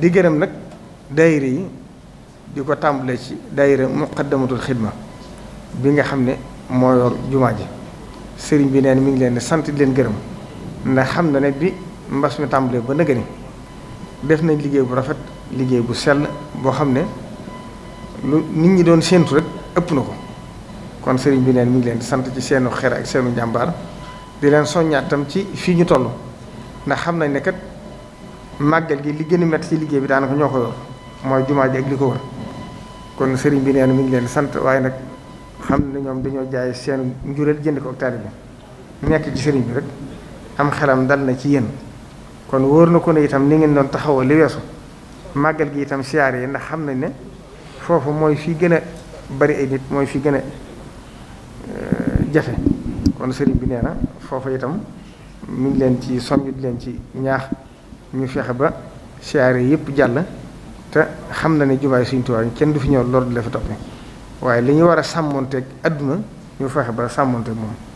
di gërëm nag daayira yi di ko tàmbale ci daayira muqaddamatul xidma bi nga xam ne moo yor jumaa ji sëriñ bi neen mi ngi leen di sant di leen gërëm ndax xam na ne bi mbas mi tàmbalee ba nëgëni def nañ liggéey bu rafet liggéey bu sell boo xam ne lu nit ñi doon séentu rek ëpp na ko kon sëriñ bi neen mi ngi leen sant ci seenu xer ak seenu njàmbaar di leen soññaatam ci fii ñu toll ndax xam nañ ne màggal gi li gën a métti ci liggéey bi daanaka ñoo ko mooy jumaa ji ak li ko wër kon sëriñ bi nee na mi ngi leen sant waaye nag xam ne ñoom dañoo jaay seen njureel jënd ko ak taalibe nekk ci sëriñ bi rek am xelam dal na ci yéen kon wóor na ko ne itam ni ngeen doon taxawoo li weesu màggal gi itam siyaar yi ndax xam nañ ne foofu mooy fi gën a bari ay nit mooy fi gën a euh, jafe kon sëriñ bi nee na foofu itam mu ngi leen ci soññ leen ci ñaax ñu fexe ba siyaare yëpp jàll te xam na ne jubaay suñu Tuubaa kenn du fi ñëw loolu la fa waaye li ñu war a sàmmonteeg àdduna ñu fexe ba sàmmonteeg moom